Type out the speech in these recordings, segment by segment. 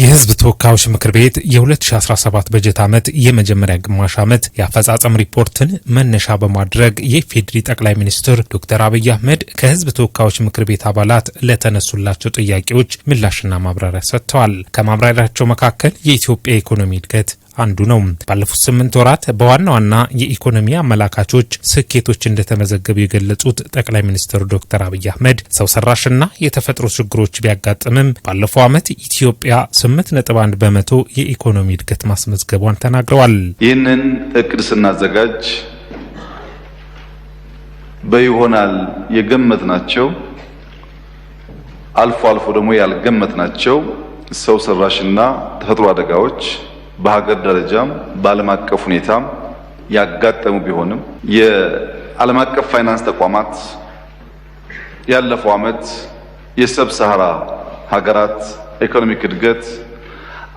የህዝብ ተወካዮች ምክር ቤት የ2017 በጀት ዓመት የመጀመሪያ ግማሽ ዓመት የአፈጻጸም ሪፖርትን መነሻ በማድረግ የፌዴሪ ጠቅላይ ሚኒስትር ዶክተር አብይ አህመድ ከህዝብ ተወካዮች ምክር ቤት አባላት ለተነሱላቸው ጥያቄዎች ምላሽና ማብራሪያ ሰጥተዋል። ከማብራሪያቸው መካከል የኢትዮጵያ ኢኮኖሚ እድገት አንዱ ነው። ባለፉት ስምንት ወራት በዋና ዋና የኢኮኖሚ አመላካቾች ስኬቶች እንደተመዘገቡ የገለጹት ጠቅላይ ሚኒስትር ዶክተር አብይ አህመድ ሰው ሰራሽና የተፈጥሮ ችግሮች ቢያጋጥምም ባለፈው ዓመት ኢትዮጵያ 8.1 በመቶ የኢኮኖሚ እድገት ማስመዝገቧን ተናግረዋል። ይህንን እቅድ ስናዘጋጅ በይሆናል የገመት ናቸው አልፎ አልፎ ደግሞ ያልገመት ናቸው ሰው ሰራሽና ተፈጥሮ አደጋዎች በሀገር ደረጃም በዓለም አቀፍ ሁኔታም ያጋጠሙ ቢሆንም የዓለም አቀፍ ፋይናንስ ተቋማት ያለፈው ዓመት የሰብ ሰሃራ ሀገራት ኢኮኖሚክ እድገት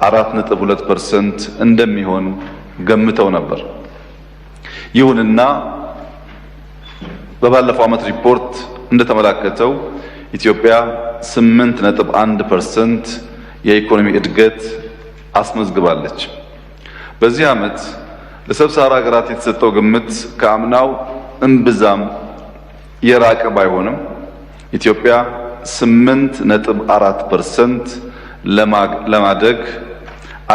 አራት ነጥብ ሁለት ፐርሰንት እንደሚሆን ገምተው ነበር። ይሁንና በባለፈው ዓመት ሪፖርት እንደተመላከተው ኢትዮጵያ ስምንት ነጥብ አንድ ፐርሰንት የኢኮኖሚ እድገት አስመዝግባለች። በዚህ ዓመት ለሰብሳራ ሀገራት የተሰጠው ግምት ከአምናው እምብዛም የራቀ ባይሆንም ኢትዮጵያ ስምንት ነጥብ አራት ፐርሰንት ለማደግ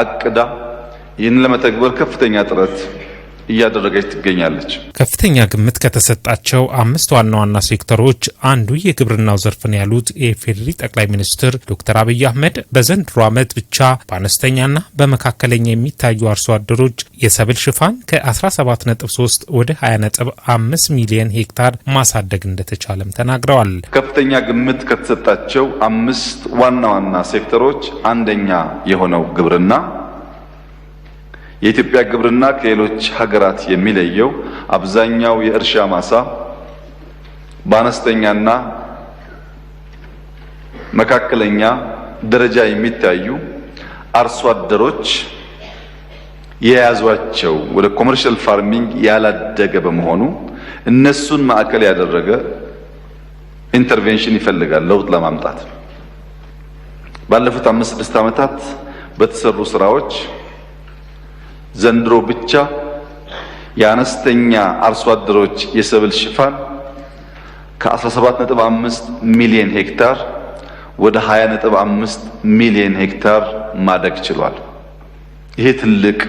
አቅዳ ይህንን ለመተግበር ከፍተኛ ጥረት እያደረገች ትገኛለች። ከፍተኛ ግምት ከተሰጣቸው አምስት ዋና ዋና ሴክተሮች አንዱ የግብርናው ዘርፍ ነው ያሉት የፌዴሪ ጠቅላይ ሚኒስትር ዶክተር አብይ አህመድ በዘንድሮ ዓመት ብቻ በአነስተኛና በመካከለኛ የሚታዩ አርሶ አደሮች የሰብል ሽፋን ከ17.3 ወደ 20.5 ሚሊዮን ሄክታር ማሳደግ እንደተቻለም ተናግረዋል። ከፍተኛ ግምት ከተሰጣቸው አምስት ዋና ዋና ሴክተሮች አንደኛ የሆነው ግብርና የኢትዮጵያ ግብርና ከሌሎች ሀገራት የሚለየው አብዛኛው የእርሻ ማሳ በአነስተኛና መካከለኛ ደረጃ የሚታዩ አርሶ አደሮች የያዟቸው ወደ ኮመርሻል ፋርሚንግ ያላደገ በመሆኑ እነሱን ማዕከል ያደረገ ኢንተርቬንሽን ይፈልጋል ለውጥ ለማምጣት። ባለፉት አምስት ስድስት ዓመታት በተሰሩ ስራዎች ዘንድሮ ብቻ የአነስተኛ አርሶ አደሮች የሰብል ሽፋን ከ17.5 ሚሊዮን ሄክታር ወደ 20.5 ሚሊዮን ሄክታር ማደግ ችሏል። ይሄ ትልቅ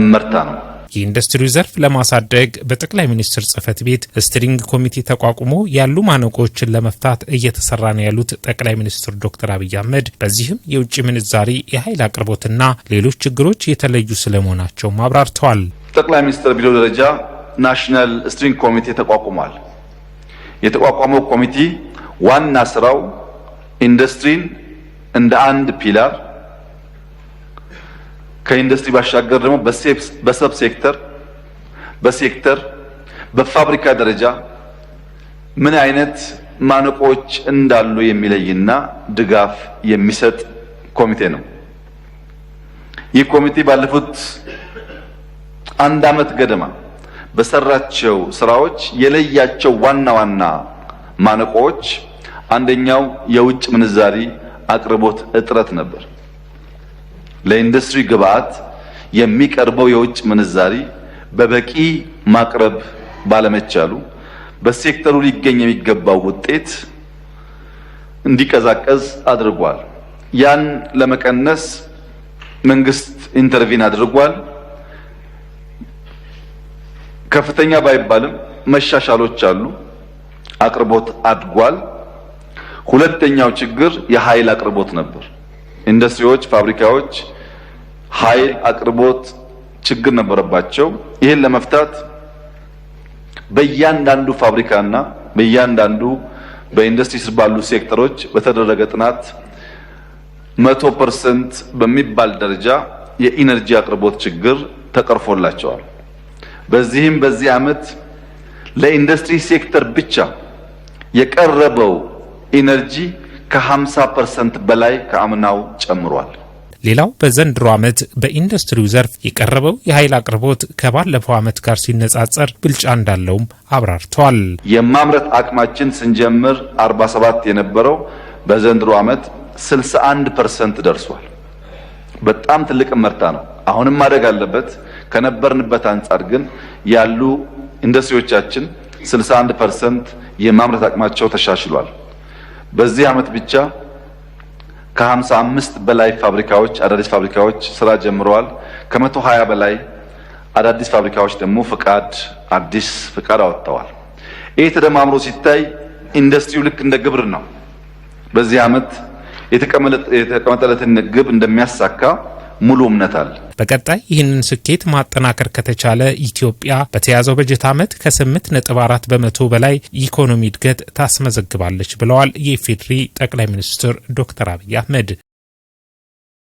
እመርታ ነው። የኢንዱስትሪው ዘርፍ ለማሳደግ በጠቅላይ ሚኒስትር ጽህፈት ቤት ስትሪንግ ኮሚቴ ተቋቁሞ ያሉ ማነቆዎችን ለመፍታት እየተሰራ ነው ያሉት ጠቅላይ ሚኒስትር ዶክተር አብይ አህመድ በዚህም የውጭ ምንዛሪ፣ የኃይል አቅርቦትና ሌሎች ችግሮች የተለዩ ስለመሆናቸው አብራርተዋል። ጠቅላይ ሚኒስትር ቢሮ ደረጃ ናሽናል ስትሪንግ ኮሚቴ ተቋቁሟል። የተቋቋመው ኮሚቴ ዋና ስራው ኢንዱስትሪን እንደ አንድ ፒላር ከኢንዱስትሪ ባሻገር ደግሞ በሰብ ሴክተር በሴክተር በፋብሪካ ደረጃ ምን አይነት ማነቆች እንዳሉ የሚለይና ድጋፍ የሚሰጥ ኮሚቴ ነው። ይህ ኮሚቴ ባለፉት አንድ ዓመት ገደማ በሰራቸው ስራዎች የለያቸው ዋና ዋና ማነቆዎች አንደኛው የውጭ ምንዛሪ አቅርቦት እጥረት ነበር። ለኢንዱስትሪ ግብዓት የሚቀርበው የውጭ ምንዛሪ በበቂ ማቅረብ ባለመቻሉ በሴክተሩ ሊገኝ የሚገባው ውጤት እንዲቀዛቀዝ አድርጓል። ያን ለመቀነስ መንግስት ኢንተርቪን አድርጓል። ከፍተኛ ባይባልም መሻሻሎች አሉ። አቅርቦት አድጓል። ሁለተኛው ችግር የኃይል አቅርቦት ነበር። ኢንዱስትሪዎች፣ ፋብሪካዎች ኃይል አቅርቦት ችግር ነበረባቸው። ይህን ለመፍታት በእያንዳንዱ ፋብሪካና በእያንዳንዱ በኢንዱስትሪ ስር ባሉ ሴክተሮች በተደረገ ጥናት መቶ ፐርሰንት በሚባል ደረጃ የኢነርጂ አቅርቦት ችግር ተቀርፎላቸዋል። በዚህም በዚህ ዓመት ለኢንዱስትሪ ሴክተር ብቻ የቀረበው ኢነርጂ ከ50 ፐርሰንት በላይ ከአምናው ጨምሯል። ሌላው በዘንድሮ ዓመት በኢንዱስትሪው ዘርፍ የቀረበው የኃይል አቅርቦት ከባለፈው ዓመት ጋር ሲነጻጸር ብልጫ እንዳለውም አብራርተዋል። የማምረት አቅማችን ስንጀምር 47 የነበረው በዘንድሮ ዓመት 61 ፐርሰንት ደርሷል። በጣም ትልቅ መርታ ነው። አሁንም ማደግ አለበት። ከነበርንበት አንጻር ግን ያሉ ኢንዱስትሪዎቻችን 61 ፐርሰንት የማምረት አቅማቸው ተሻሽሏል። በዚህ ዓመት ብቻ ከ55 በላይ ፋብሪካዎች አዳዲስ ፋብሪካዎች ስራ ጀምረዋል። ከ ከ120 በላይ አዳዲስ ፋብሪካዎች ደግሞ ፍቃድ አዲስ ፍቃድ አወጥተዋል። ይህ ተደማምሮ ሲታይ ኢንዱስትሪው ልክ እንደ ግብር ነው። በዚህ ዓመት የተቀመጠለትን ግብ እንደሚያሳካ ሙሉ እምነት አለ። በቀጣይ ይህንን ስኬት ማጠናከር ከተቻለ ኢትዮጵያ በተያዘው በጀት ዓመት ከ8 ነጥብ 4 በመቶ በላይ ኢኮኖሚ እድገት ታስመዘግባለች ብለዋል የኢፌዴሪ ጠቅላይ ሚኒስትር ዶክተር አብይ አህመድ።